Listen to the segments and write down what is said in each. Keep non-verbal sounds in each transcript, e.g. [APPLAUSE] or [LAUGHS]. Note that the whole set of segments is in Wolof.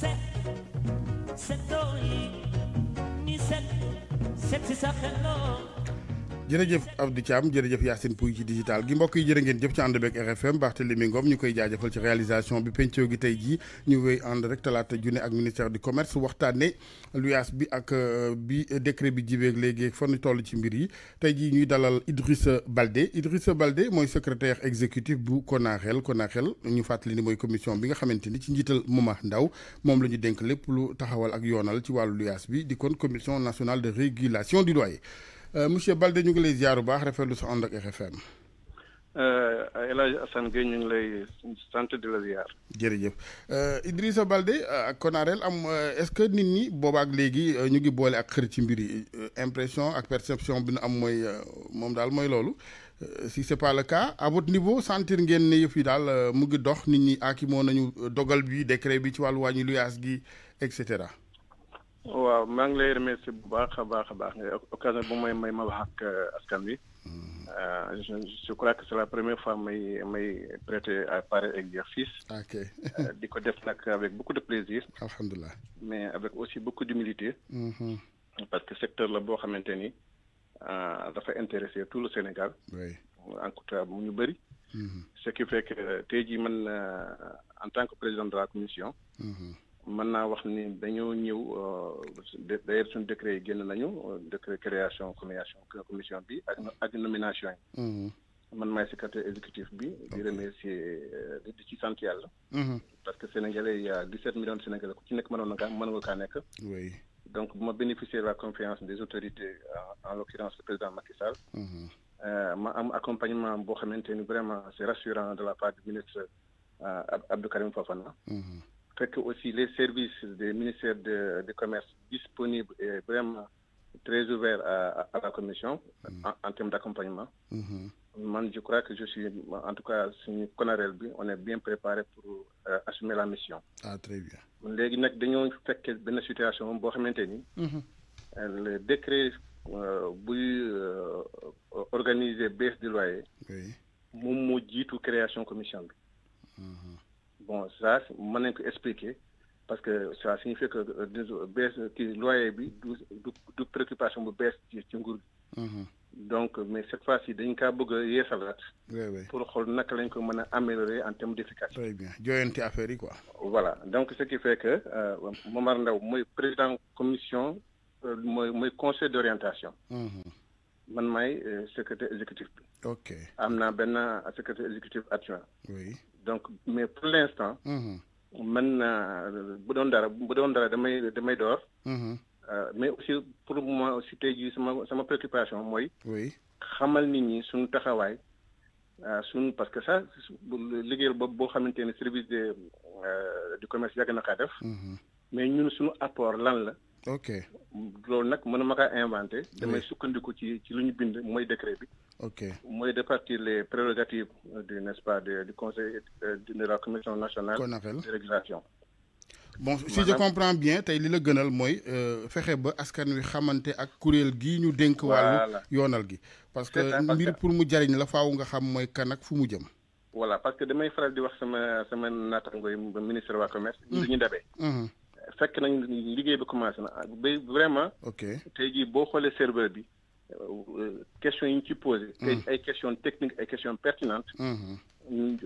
C'est c'est ni C'est c'est ça sa jërëjëf Abdou Thiam jërëjëf Yacine Pouy ci digital gi mbokk yi jërë ngeen jëf ci ànd beeg RFM Barthélémy Ngom ñu koy jaajëfal ci réalisation bi pencoo gi tey jii ñu wéy ànd rek talaata junne ak ministère du commerce waxtaane luyaas bi ak euh, bi décret bi jibeeg léegi fa ñu toll ci mbir yi tey jii ñuy dalal Idrissa Baldé Idrissa Baldé mooy secrétaire exécutif bu CONAREL CONAREL ñu fàttali ni mooy commission bi nga xamante ni ci njiital Mouma Ndaw moom la ñu dénk lépp lu taxawal ak yoonal ci wàllu luyaas bi di kon commission nationale de régulation du loyer Euh, monsieur Balde ñu ngi lay ziar bu baax rafetlu sa ànd ak RFM. Euh, El Hadj Assane ñu ngi lay sant de la ziar. jërëjëf euh, Idrissa Balde ak Konarel am est-ce que nit ñi booba ak léegi ñu ngi boole ak xër ci mbir yi impression ak perception bi nu am mooy moom daal mooy loolu si c'est pas le cas à votre niveau sentir ngeen ne yëf yi daal mu ngi dox nit ñi moo nañu dogal bi décret bi ci wàllu wàññi luyaas gi et cetera. waaw maa ngi lay remercier bu baax a baax a baax occasion bu may may ma wax ak euh, askan wi euh, je crois que c'est la première fois may may prêté à pareil exercice. ok euh, di ko def nag avec beaucoup de plaisir. alhamdulilah mais avec aussi beaucoup d'humilité. Mm-hmm. parce que secteur la boo xamante ni dafa intéresser tout le Sénégal. oui en tout cas mu ñu bëri. Mm-hmm. ce qui fait que tey jii man en tant que président de la commission. Mm-hmm mën naa wax ni dañoo ñëw euh, d'ailleurs décret yi génn nañu décret création commission commission bi ak nomination yi. Mm-hmm. man secrétaire exécutif bi di remercier euh, di ci sant mm-hmm. parce que sénégalais y a 17 millions de sénégalais ku ci nekk mënoon na kaa mën oui donc pour bénéficier de la confiance des autorités en l'occurrence le président Macky Sall. Mm-hmm. Euh, ma am accompagnement boo xamante vraiment c'est rassurant de la part du ministre Abdou Karim Fofana que aussi les services du ministère de, commerce disponibles et vraiment très ouvert à, la commission mm-hmm. en, termes d'accompagnement. Mm-hmm. je crois que je suis, en tout cas, on est bien préparé pour euh, assumer la mission. Ah, très bien. Nous fait la situation mm-hmm. euh, le décret euh, euh organisé baisse de loyer, oui. création commission bon ça ne peux que expliquer parce que ça signifie que les euh, loyer bi du préoccupation bu baisse ci ci mm-hmm. donc mais cette fois ci il y bëgg a pour xool naka lañ ko améliorer en termes d'efficacité. très bien jooyante affaire quoi. voilà donc ce qui fait que suis président de président commission je euh, suis conseil d'orientation. Je mm-hmm. euh, suis secrétaire exécutif ok am naa secrétaire exécutif actuel. oui donc mais pour l'instant. Mhm. man euh, d'un bout dara bu dara damay damay mhm. euh, mais aussi pour moi aussi tey m'a sama préoccupation moi oui xamal nit ñi suñu taxawaay. Euh, suñ parce que ça liggéeyal bo boo xamante ne service de du commerce yàgg na def. Mhm. mais ñun suñu apport lan la ok loolu nag mënuma na ma inventé. damay sukkandiku ci ci lu ñu bind mooy décret bi. ok mooy départir les prérogatives euh, du n'est-ce pas du conseil euh, de la commission nationale. de régulation. bon si je comprends bien tey li la gënal mooy euh, fexe ba askan wi xamante ak kuréel gi ñu dénk. wàllu yoonal gi. parce que mbir pour mu jariñ la faaw nga xam mooy kan ak fu mu jëm. voilà parce que damay faral di wax sama sama naataango yi ministre waa commerce. Hum. ñu dañuy dabee. Hum fekk nañ liggéey ba de na ba vraiment. ok tey jii boo xoolee serveur bi euh, question yi ñu ci posé. Mm. ay question technique ay question pertinente mm-hmm.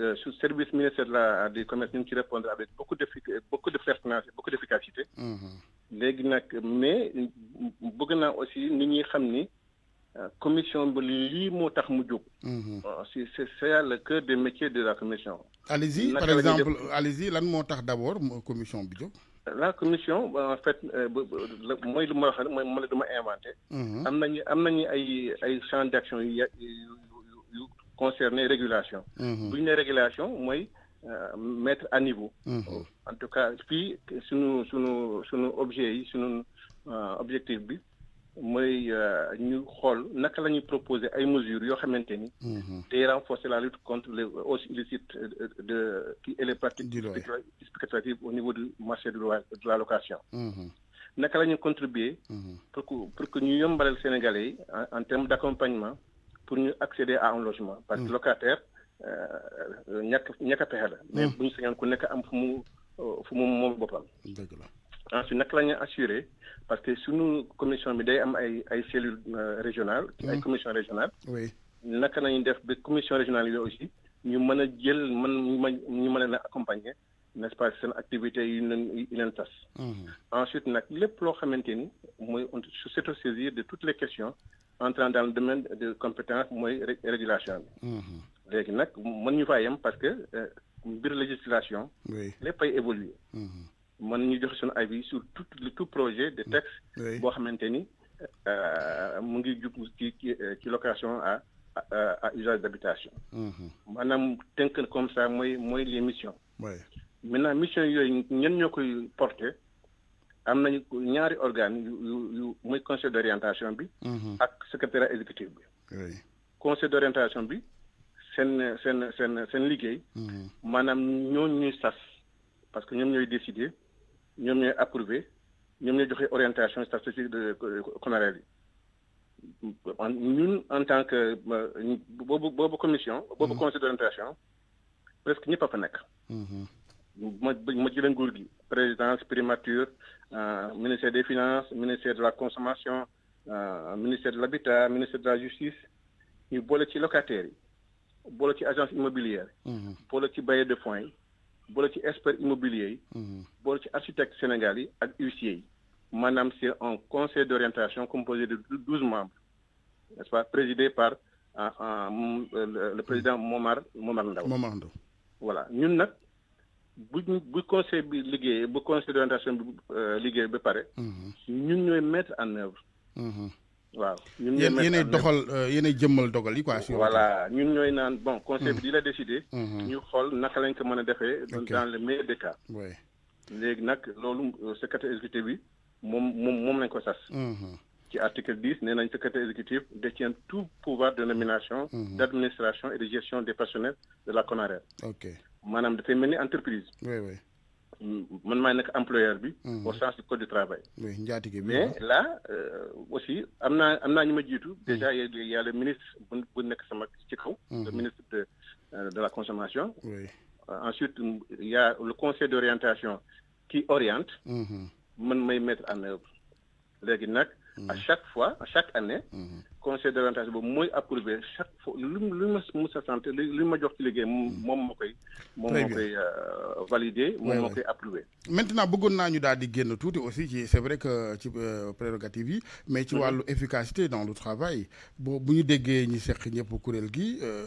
euh, su service ministère de la du commerce ñu ci répondre avec beaucoup de beaucoup de pertinence beaucoup d'efficacité. Mm-hmm. léegi nag mais bëgg naa aussi nit ñi xam ni euh, commission ba lii moo tax mm-hmm. si c' le cœur des métiers de la commission. allez-y par exemple allez-y lan moo tax d' commission bi la commission en fait euh, moi, lu ma moi mooy ma la mhm. am am ay ay champs d'action yu concerner régulation. Mhm. bu ñu régulation moy euh, mettre à niveau. Mhm. en tout cas puis, sunu sunu sunu objet yi sunu euh, objectif bi. Mais euh, ñu xool naka la proposer ay mesures yoo mhm. renforcer la lutte contre les hausses illicites de qui et les pratiques spéculatives au niveau du marché de l'allocation. la location. Mhm. naka contribuer. Mhm. pour que nous ayons ñu Sénégalais en termes d'accompagnement pour ñu accéder à un logement. parce que locataire euh, ñàkk ñàkk a pas la. mais nous ñu sañoon ku nekk am fu euh, fu mu ensuite ah, nous lañu assuré parce que suñu commission bi day am ay ay cellule euh, régionale, mm. ay commission régionale. oui nak nañu def commission régionale aussi ñu n'est-ce pas seen activité yi leen leen tas. Mm-hmm. ensuite nous lépp loo xamante ni se saisir de toutes les questions entrant dans le domaine de compétences mooy régulation bi. Mm-hmm. léegi parce que la euh, législation. lépp ay évoluer mm-hmm mën ñu joxe suñu avis sur tout tout projet de texte boo xamante ni euh, mu ngi jub ci euh, ci location à à usage d'habitation mhm. maanaam tënk comme ça mooy mooy les missions maintenant mission yooyu ñen ñoo koy porter am nañu ñaari organes yu yu muy conseil d'orientation bi mhm. ak secrétaire exécutif bi conseil d'orientation bi seen seen seen seen liggéey mhm. maanaam ñoo ñuy sas parce que ñoom ñooy décider nous ñooy approuvé nous ñooy joxe orientation statistique de euh, CONAREL yi en tant que euh, boobu commission. boobu mm-hmm. conseil d'orientation presque n'y a pas nekk. Mm-hmm. ma ma nguur présidence primature euh, ministère des finances ministère de la consommation ministère de l'habitat ministère de la justice ñu boole ci locataires yi boole ci agence immobilière. Mm-hmm. boole ci bailleurs de fonds boole ci expert immobilier yi. Mhm. architecte c'est un conseil d'orientation composé de 12 membres pas présidé par euh, euh, euh, le président Momar Momar voilà Nous, nag conseil d'orientation bi liggéey mhm. mettre en œuvre. Mhm waaw ñun ñoo yéenay doxal euh, yéenay jëmmal dogal yi quoi. voilà ñun ñooy naan bon conseil hum. bi di la décider. ñu xool naka lañ ko mën a dans le meilleur des cas. oui léegi nag loolu euh, secrétaire exécutif bi moom moom moom lañ ko sas. ci article 10 nee nañ secrétaire exécutif détient tout pouvoir de nomination. d'administration et de gestion des personnels de la CONARER. ok maanaam dafay mel ni entreprise. oui oui man suis nek employeur bi. Mhm. au sens du code du travail. mais là euh, aussi amna amna ñu ma y a le ministre bu bu sama ci kaw. Mhm. le ministre de euh, de la consommation. oui euh, ensuite il y a le conseil d'orientation qui oriente. Mhm. man may mettre en œuvre les nag. à chaque fois à chaque année conseil d'orientation boobu mooy approuvé chaque fois lu ma mus a sant lu ma jox ci liggéey moom moo koy moom moo koy euh, validé moom moo koy approuvé maintenant bëggoon naa ñu daal di génn tuuti aussi ci c'est vrai que ci euh, prérogative yi mais ci mhm. wàllu efficacité dans le travail bon bu ñu déggee ñi seq ñëpp kuréel gi euh,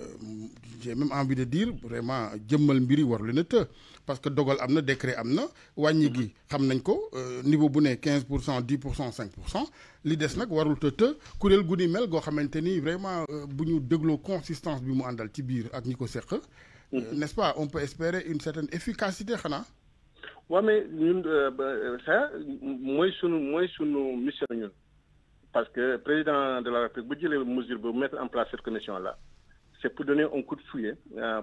j'ai même envie de dire vraiment jëmmal mbiri war lu na të parce que dogal am na décret am na wàññi gi mhm. xam nañ ko niveau bu ne 15 pour cent pour cent pour cent li des que warul të të kuréel gu mel vraiment de euh, ñu consistance bi mu andal ci biir ak ñi euh, mhm. n'est-ce pas on peut espérer une certaine efficacité Oui, Oui, mais ñun euh, ça Moi, une suis mission parce que le président de la République bu les mesure bu mettre en place cette commission là. c'est pour donner un coup de fouet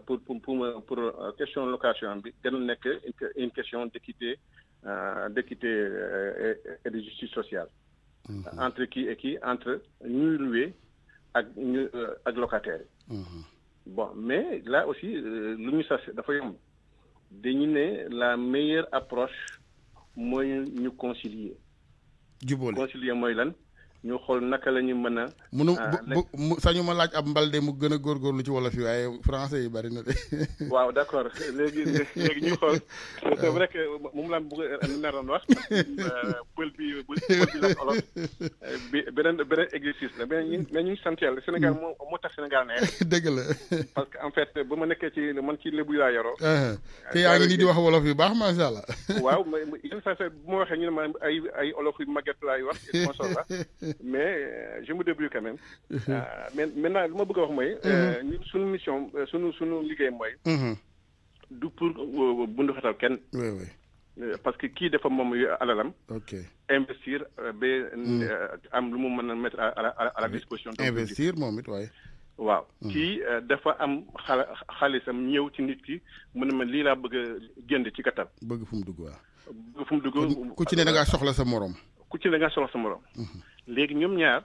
pour, pour, pour, pour question de location, n'est qu'une question d'équité, d'équité et de justice sociale. Mhm. entre qui et qui entre nous lui, et ñu euh, locataire mhm. bon mais là aussi euh, le message sas dafa la meilleure approche moyen nous concilier. jubóole concilier mooy lan. ñu xool naka la ñu mën a. munu ah, bu sañu ma laaj ab mbalde mu gën a góorlu ci wolof yi waaye français yi bari na de. [LAUGHS] waaw d' accord léegi léegi ñu xool [LAUGHS] c' que moom laa bëgg naroon wax [LAUGHS] euh, pël bi pël bi la olof bi beneen beneen exercice la mais ñu mais ñu ngi Sénégal moo moo tax Sénégal neex. dëgg la. parce que en fait ba ma nekkee ci man ci lébu laa yoro ah, ah. te yaa ngi nii di wax wolof yu baax macha allah. waaw yenn ma waxee ñu ne ma ay ay olof yu màgget laay wax et [LAUGHS] mais euh, je me débrouille quand même. [LAUGHS] Mhm. Euh, maintenant lu ma bëgg a wax mooy. Mhm. Euh, ñun suñu mission suñu suñu liggéey mooy. Mhm. du pour bundu xatal kenn. oui oui. parce que qui defa mom alalam. ok investir ba. am lu mu mën mettre à à la disposition. investir momit it waaw ki dafa am xalisam ñew ci nit ki mu ne ma lii laa bëgg gënd ci kattan. bëgg fu mu dugg waaw. bëgg fu mu dugg ku ci ne nga soxla sa morom. ku ci ne nga soxla sa morom léegi ñoom ñaar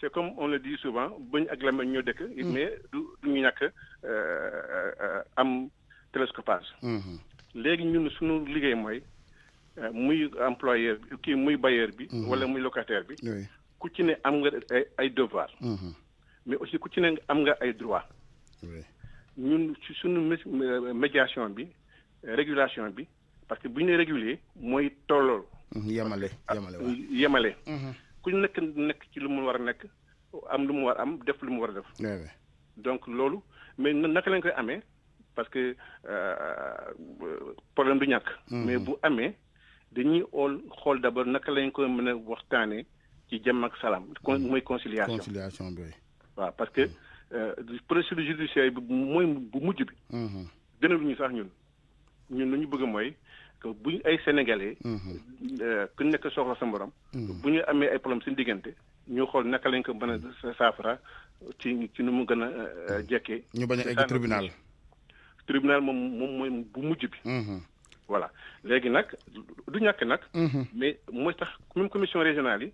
c'est comme on le dit souvent bëñ ak làmmiñ ñoo dëkk. Mm. mais du du ñu ñàkk euh, euh, am télescopage. Mm-hmm. léegi ñun suñu liggéey mooy euh, muy employeur bi kii muy bailleur bi. Mm-hmm. wala muy locataire bi. ku ci ne am nga ay ay devoir. Mm-hmm. mais aussi ku ci ne am nga ay droit. ñun ci suñu médiation bi régulation bi parce que bu ñu réguler mooy tollool. yemale yemale waaw yemale ku nekk nekk ci lu mu a donc loolu mais naka lañ koy parce que euh, problème du mm-hmm. mais bu amee dañuy d'abord naka lañ koy a mm-hmm. conciliation conciliation parce que euh, procédure judiciaire bi mooy bu bi. Mm-hmm. que bu ñu ay sénégalais. Mhm. Euh, ku nekk soxla sa morom. Mhm. bu ñu amee ay problème suñu diggante ñu xool naka lañ ko mën a saafara ci ci nu mu gën a euh, euh, mhm. jekkee. ñu bañ a egg tribunal. tribunal moom moom mooy bu mujj bi. voilà léegi nag du ñàkk nag. mais mooy tax même commission régionale yi.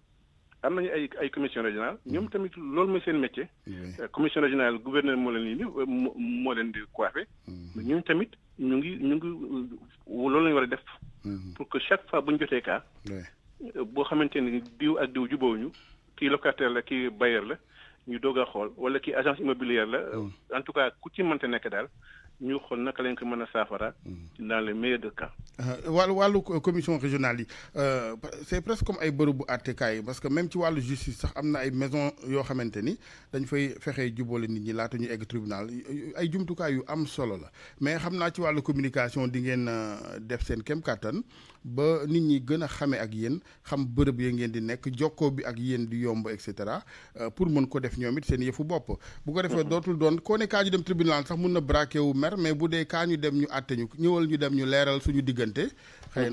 am nañu ay ay commission régionale ñoom tamit loolu mooy seen métier. commission régionale gouverneur moo leen di moo leen di coiffé. ñun tamit. ñu ngi ñu ngi euh, loolu la war a def. Mhm. pour que chaque fois bu ñu jotee ka boo xamante ni diw ak diw ñu kii locataire la ki bailleur la ñu doog xool wala ki agence immobilière la. Mhm. en tout cas ku ci mënta nekk daal. ñu xool naka lañ ko mën a saafara. dans le meilleur des cas. Euh, wàllu wàllu commission régionale yi euh, c'est presque comme ay bërëbu àttekaay yi parce que même ci wàllu justice sax am na ay maison yoo xamante ni dañ fay fexee jubóole nit ñi laata ñu egg tribunal ay jumtukaay yu am solo la mais xam naa ci wàllu communication di ngeen euh, def seen kem kàttan ba nit ñi gën a xamee ak yéen xam bërëb ya ngeen di nekk jokkoo bi ak yéen di yomb etc. Euh, pour mën ko def ñoom seen yëfu bopp. bu ko defee mm-hmm. doon ne kaa dem tribunal sax mun na braqué wu mer mais bu dee kaa ñu dem ñu ñëwal ñu dem ñu suñu mm-hmm.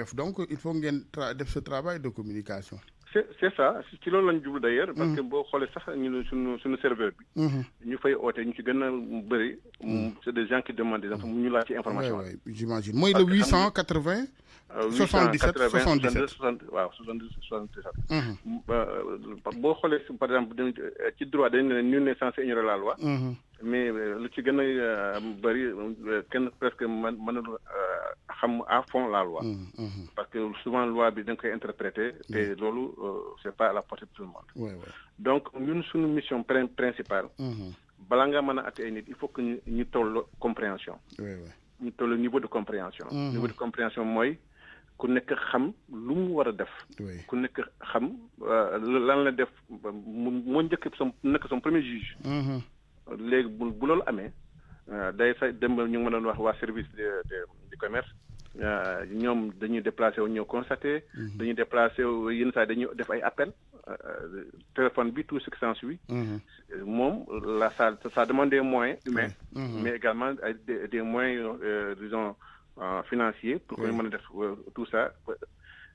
a donc il faut ngeen def ce travail de communication c'est c'est ça ci loolu d'ailleurs parce mm. que sax ñu serveur bi mm-hmm. ñu fay Nous ñu mm. Mm, des gens qui demandent des informations ñu laaj ci information j'imagine le huit cent quatre-vingt euh, soixante-dix-sept par exemple euh, ci droit la loi mm-hmm mais euh, lu ci gën a euh, bëri euh, kenn presque man mënul xam à fond la loi. Mm, mm-hmm. parce que souvent loi bi dañ koy interpréter. te loolu c'est pas la portée de tout le monde. donc ñun suñu mission principale. Mm-hmm. bala nga mën a nit il faut que ñu ñu toll compréhension. ñu toll niveau de compréhension. Mm-hmm. niveau de compréhension mooy ku nekk xam lu mu war a def. ku nekk xam lan la def mu moo njëkk son nekk son premier juge les bu bu loolu amee euh, day sa dem ñu wax service de de commerce euh, ñoom dañuy déplacé wu ñëw constaté. Mhm. dañuy déplacé wu yenn saa dañuy def ay appel euh, téléphone bi tout ce qui s'ensuit. Mhm. la ça ça demande des moyens humains. Mhm. mais également des moyens disons financiers. pour que def tout ça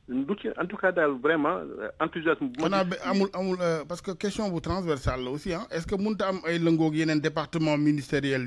en tout cas vraiment euh, enthousiasme. Euh, parce que question transversale aussi hein. est-ce que Moun am département ministériel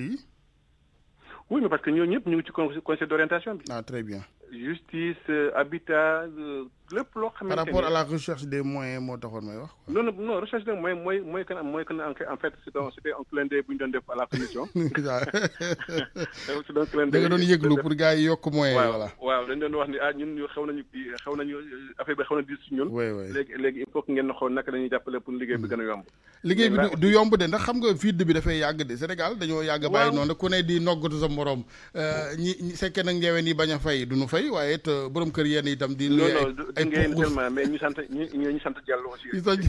oui mais parce que nous, nous ñu conseil d'orientation ah très bien justice euh, habitat euh, lépp loo xamante ni par rapport à la recherche des moyens moo taxoon may wax. non non recherche des moyens mooy mooy que mooy que en fait c' était un clin d'œil bu ñu doon def à la commission. [LAUGHS] c' [LAUGHS] da nga doon yëglu pour gars yi yokk moyens yi. voilà waaw dañ doon wax ni ah ñun xew nañu xew nañu affaire bi xew na diis ñun. oui oui léegi léegi il faut que ngeen xool naka dañuy jàppale pour liggéey bi gën a yomb. Mm. liggéey bi du yomb de ndax xam nga vide bi dafay yàgg de Sénégal dañoo yàgg bàyyi noonu ku ne di noggatu sa morom euh, ñi sekke nag njëween yi bañ a fay duñu fay yi waaye it euh, borom kër yéen tam di. nuyu ay ay non mais ñu sant ñu ñu sant Diallo aussi. ñu sant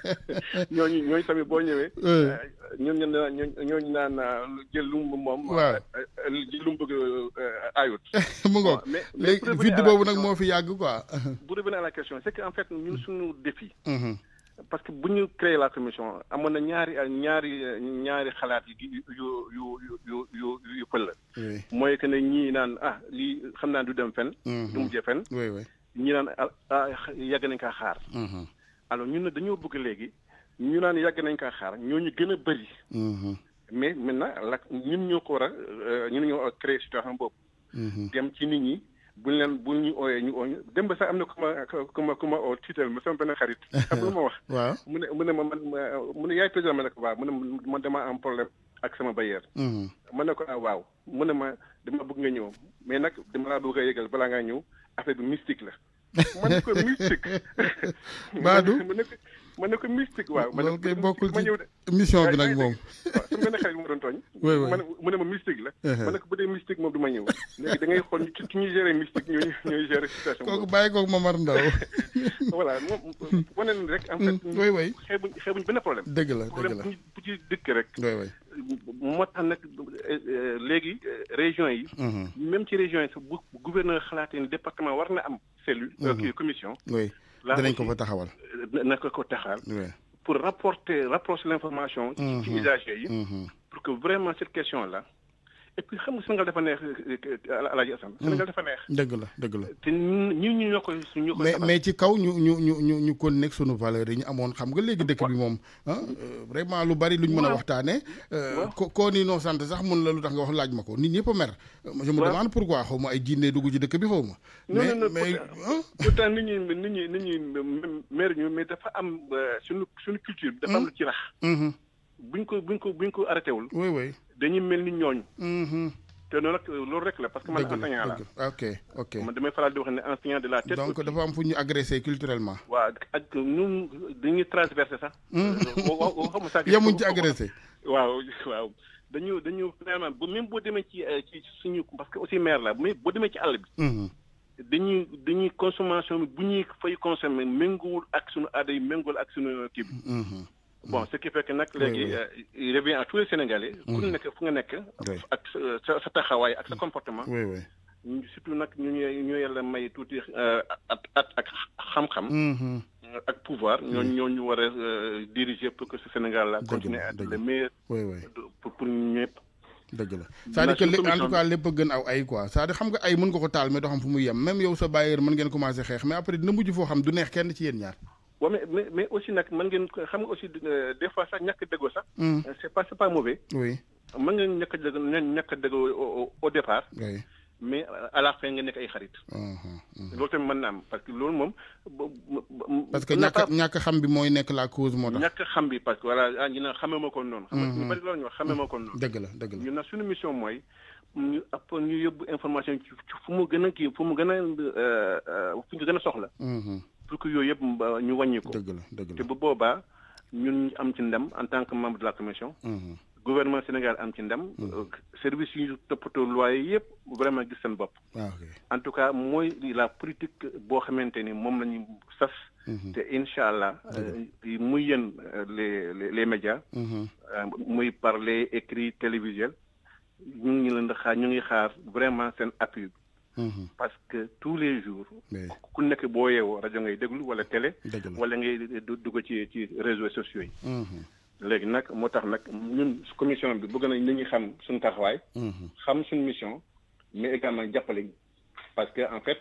[LAUGHS] ñooñu ñooñu tamit boo ñëwee. [LAUGHS] Euh, ñoom ñu naan ñooñu naan euh, jël lu mu moom. waaw jël lu mu bëgg ayut. mu ngoog léegi vidéo boobu nag moo fi yàgg quoi. bu revenir à la question c'est que en fait ñun suñu défi. Mm-hmm. parce que bu ñu créé la commission amoon na ñaari ñaari ñaari xalaat yu yu yu yu yu yu pël la. mooy que ne ñi naan ah lii xam naa du dem fen mhm. du mujjee fenn. ñii naan ah, ah yàgg nañ kaa xaar. Mhm. alors ñun ne dañoo bëgg léegi ñu naan yàgg nañ kaa xaar ñoo ñu gën a bëri. Mhm. mais maintenant la ñun ñoo ko war a euh, ñun ñoo créé situation boobu. dem ci nit ñi. buñ leen bu ñu ooyee ñu ooñu dem ba sax am na ku ma ku ma ku ma oo tiital ma sama benn xarit. [LAUGHS] xam lu ma wax. waaw mu ne ma man mu ne yaay président ma ne ko am problème ak sama bailleur. Mhm. ma ne ko ah waaw mu ne ma dama bëgg nga ñëw mais nag dama bëgg a yëgal balaa ngaa ñëw affaire bi mystique la. ma ne ko mystique. [LAUGHS] Badou ma na ko ma ne ko waaw. ma ne ko bokkul ci mission bi nag moom. waaw sama benn xarit mu doon tooñ. [LAUGHS] oui oui ma mystique uh-huh. ma ne ko bu dee mystique moom du ma ñëw. léegi da ngay xool ci ñuy gérer mystique ñooy ñooy gérer situation. kooku bàyyi kooku Momar Ndao. [LAUGHS] voilà moom wane na rek. en mm, fait. oui oui xeebuñ xeebuñ benn problème. dëgg la dëgg la problème bu ci dëkk rek. oui oui. moo tax nag euh, léegi euh, région yi. Mhm. même ci région yi sax bu gouverneur xalaatee ni département war na am. cellule kii mhm. euh, commission. oui danañ ko fa taxawal. na ko ko taxawal. pour rapporter rapprocher l'information. ci mhm. usagers yi. pour que vraiment cette question là. et puis xam nga Sénégal dafa neex Alaaji Assane. Hmm. Sénégal dafa neex. dëgg la dëgg la. te ñun ñun ñu ñoo koy. ñu koy mais mais ci kaw ñu ñu ñu ñu ñu kon nekk sunu valeur yi ñu amoon xam nga léegi dëkk bi moom. Ah, euh, vraiment lu bari luñ mën a waxtaanee. Euh, ko koo nii noo sant sax mun la lu tax nga wax laaj ma ko nit ñëpp a mer. je me demande pourquoi xaw ma ay jiine dugg ci dëkk bi xaw ma. mais mais ah. pourtant nit ñi nit ñi nit ñi mer ñu mais dafa am euh, sunu sunu culture. dafa am lu ci rax. Hmm, hmm. buñ ko buñ ko buñ ko arrêté wul. dañuy mel mm-hmm. parce que man enseignant la ok ok man di enseignant de la tête donc dafa am fu culturellement waaw ak ñun dañuy mm-hmm. euh, [LAUGHS] ci agressé dañu finalement même ci euh, parce que aussi maire la mais ci bi mm-hmm. dañuy dañuy consommation bi bu consommer ak ak bon ce qui fait nag léegi euh, il revient à tous les Sénégalais. ku mm. nekk fu nga nekk. ak sa taxawaay ak sa mm. comportement. surtout nag ñu ñu yàlla may tuuti euh, at at ak xam-xam. Mm-hmm. Euh, ak pouvoir ñooñu ñooñu war a diriger pour que ce Sénégal la continue à être le meilleur. pour pour la cest a gën aw ay quoi xam nga ay xeex mais après dina mujj foo xam du neex kenn ci yéen ñaar. waaw mais mais mais aussi nag mën ngeen xam nga aussi euh, des fois sax ñàkk a déggoo sax. Mm. Euh, c'est pas c'est pas mauvais. oui mën ngeen ñàkk a déggoo ñàkk a déggoo au départ. oui mais à la fin nga nekk ay xarit. Mm-hmm, mm-hmm. loolu tamit mën na am parce que loolu moom. parce que ñàkk ñàkk xam bi mooy nekk la cause moo tax. ñàkk xam bi parce que voilà ah, ñu ne xamee ma ko noonu. xam nga ñu mm-hmm. bari loolu ñu wax xamee ma ko noonu. dëgg la dëgg la ñu ne suñu mission mooy. ñu app ñu yóbbu information ci fu mu gën a kii fu mu gën a euh, fu ñu gën a soxla. pour que yooyu yëpp euh, ñu wàññi ko. dëgg la dëgg la te bu boobaa ñun am ci ndam en tant que membre de la commission. Mm-hmm. gouvernement Sénégal am ci ndam. Mm-hmm. Euh, service yu ñu toppatoo loyer yëpp vraiment gis seen bopp. Ah, en tout cas mooy la politique boo xamante ni moom la ñu sas. Mm-hmm. te incha allah. Euh, muy yéen les les muy parler écrit télévisuel. ñu ngi leen xaar ñu ngi xaar vraiment seen appui. Mm-hmm. parce que tous les jours. ku nekk boo yeewoo rajo ngay déglu wala télé. wala ngay dugg ci ci réseaux sociaux yi. Mm-hmm. léegi nag moo tax nag ñun commission bi bëgg nañ ñu xam suñu taxawaay. Mm-hmm. xam suñu mission. mais également jàppale ñu parce que en fait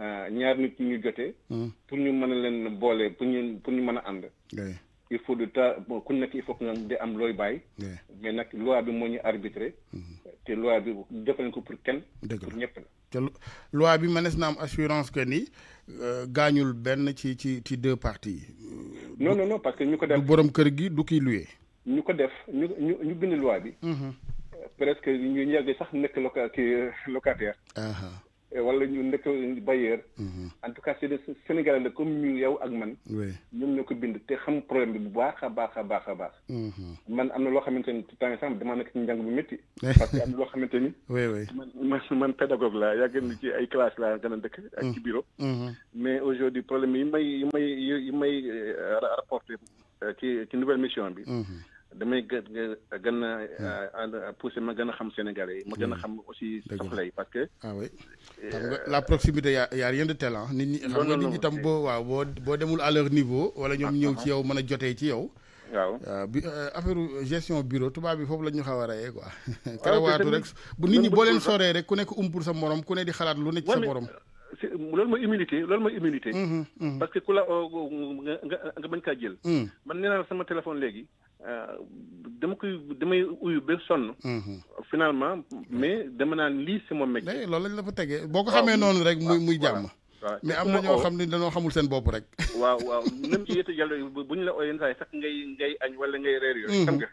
euh, ñaar nit ñu jotee. pour ñu mën a leen boole pour ñu pour ñu mën a ànd. il faut de ku nekk il faut que nga di am looy bàyyi. mais nag loi bi moo ñu arbitré. te loi bi defal ko pour kenn. pour ñëpp la. te loi bi mënees na am assurance que ni euh, gaañul benn ci ci ci deux parties yi. Euh, non non non parce que ñu ko def du borom kër gi du kii luye. ñu ko def ñu ñu ñu bind loi bi. Mhm. Euh, presque ñu yàgg sax nekk loca kii Eh, wala ñu nekk bailleur. Mhm. en tout cas c'est des Sénégalais la comme ñu yow ak man. ñoom ñoo ko bind te xam problème bi bu baax a baax a baax a baax. Mhm. man am na loo xamante ni tout temps sax damaa nekk ci njàng bu métti. [LAUGHS] parce que am na loo xamante ni. oui oui man man pédagogue laa yàgg na ci ay classe laa gën a dëkk. ak mhm. ci bureau. mais aujourd'hui problème yi may yi may yi euh, euh, ci nouvelle mission bi. damay gë gën a hmm. pousser ma gën a xam Sénégalais yi ma gën a hmm. xam aussi soxla yi parce que. ah euh, la proximité y' a y' a nit ñi xam nga nit ñi tam boo waaw boo boo demul à leur niveau. wala ñoom ah, ñëw ah, ci ah. yow man a jotee ci yow. waaw euh, bi euh, affaire gestion bureau tubaab bi foofu la ñu xaw a reyee quoi. karawaatu rek bu nit ñi boo leen soree rek ku nekk umpul sa morom ku ne di xalaat lu nekk sa morom. si loolu mooy immunité loolu ma immunité. Mm-hmm, mm-hmm. parce que ku la nga nga bañ kaa jël. Mm. man nee sama téléphone léegi. Euh, dama koy damay uyu ba sonn. Mhm. finalement mais dama naan lii si moom. loolu lañ la fa tegee boo ko xamee noonu rek. muy muy jàmm. waaw mais am na ñoo xam ni danoo xamul seen bopp rek. waaw waaw même yéete yàlla bu ñu la oyee saa yi sax ngay ngay añ wala ngay reer yooyu. xam nga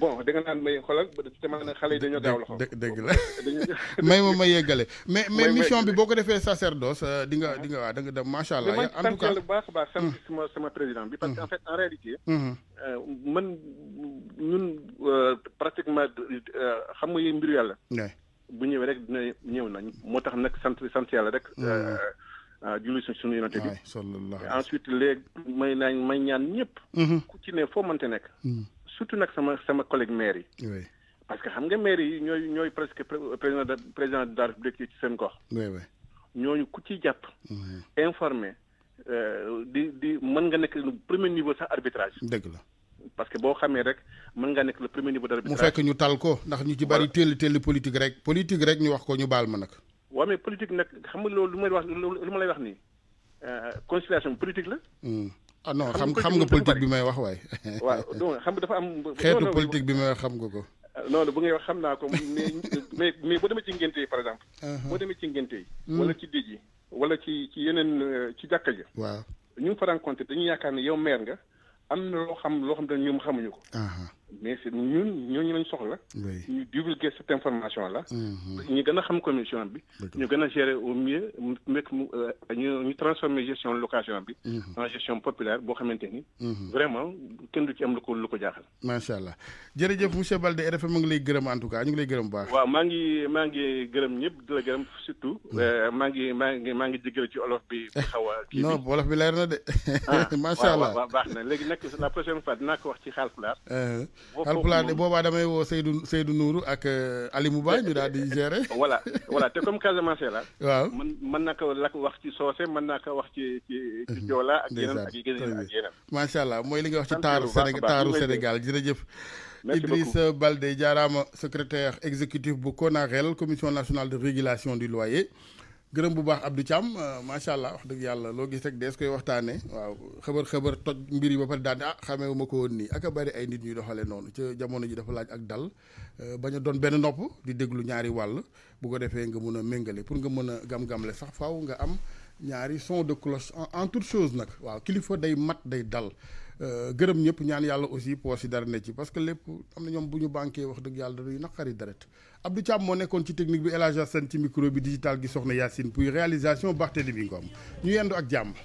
bon da nga naan may xoolal te maanaam xale yi dañoo daaw loxo. dégg dëgg la may ma ma yeggale. mais mais mission bi boo ko defee sacerdoce di nga di nga waaw da nga dem macha allah. en tout cas bu baax a baax sant sama président bi. parce que en fait en réalité. man ñun pratiquement xam nga mbiru yàlla. bu ñëwee rek dina ñëw nañ moo tax nag sant sant yàlla rek. Mm. Euh, euh, julli suñ suñu yonente bi. ensuite léegi may naa may ñaan ñëpp. Mm-hmm. ku ci ne foo mënte nekk. Mm. surtout nag sama sama collègue maire yi. parce que xam nga maire yi ñooy ñooy presque président de président de la république ci seen gox. ñooñu ku ci jàpp. Mm-hmm. informé euh, di di mën nga nekk premier niveau sax arbitrage. dëgg la. parce que boo xamee rek mën nga nekk le premier niveau d'arbitrage mu fekk ñu tal ko ndax ñu ci bari téll téll politique rek politique rek ñu wax ko ñu baal ma nag waaw mais politique nag xam nga loolu lu may wax lu ma lay wax nii euh, conciliation politique la hmm. ah non xam xam nga politique bi may wax waay [LAUGHS] waaw donc xam nga dafa am xeetu politique bi may wax xam nga ko loolu euh, bu ngay wax xam naa ko mais mais mais boo demee ci ngénte yi par exemple uh-huh. boo demee ci ngénte yi hmm. wala ci dij yi wala ci ci yeneen euh, ci jàkka ji waaw ñu ngi fa rencontré yaakaar ne yow maire nga am na loo xam loo xam te ñoom xamuñu ko. mais c'est nous qui sommes soxla. ñu divulguer cette information là. ñu mhm. gën xam commission bi. gérer au mieux nous euh, transformer gestion location bi. Mhm. en gestion populaire boo mhm. vraiment kenn du ci am lu ko lu ko jaaxal. macha allah jërëjëf monsieur Balde RFM en tout cas ñu ngi lay gërëm baax. waaw maa ngi maa ngi gërëm ñëpp di la surtout. Euh, maa ngi maa ngi olof [LAUGHS] bi non olof de. Ah, [LAUGHS] macha allah la prochaine fois wax ci damay voilà voilà comme Casamance la. waaw suis wax ci sosé man naka wax ci ci mhm. ak ak allah li nga wax secrétaire exécutif bu commission nationale de régulation du loyer. gërëm bu baax ab Abdou Thiam euh, macha allah wax dëgg yàlla loo gis rek dees koy waxtaanee waaw xabar xabar toj mbir yi ba pare daal ah xamee ma ko woon nii ak a ay nit ñuy doxalee noonu ca jamono ji dafa laaj ak dal euh, bañ a doon benn nopp di déglu ñaari wàll bu ko defee nga mun a méngale pour nga mën a gam-gamle sax faw nga am ñaari son de cloche en en chose nag waaw kilifa day mat day dal. Euh, gërëm ñëpp ñaan yàlla aussi poos yi dara ne ci parce que lépp am na ñoom bu ñu banqué wax dëgg yàlla dañuy naqari deret Abdou Thiam moo nekkoon ci technique bi El Hadj Assane ci micro bi digital gi soxna Yacine puis réalisation Barthélémy Ngom ñu yendu ak jàmm.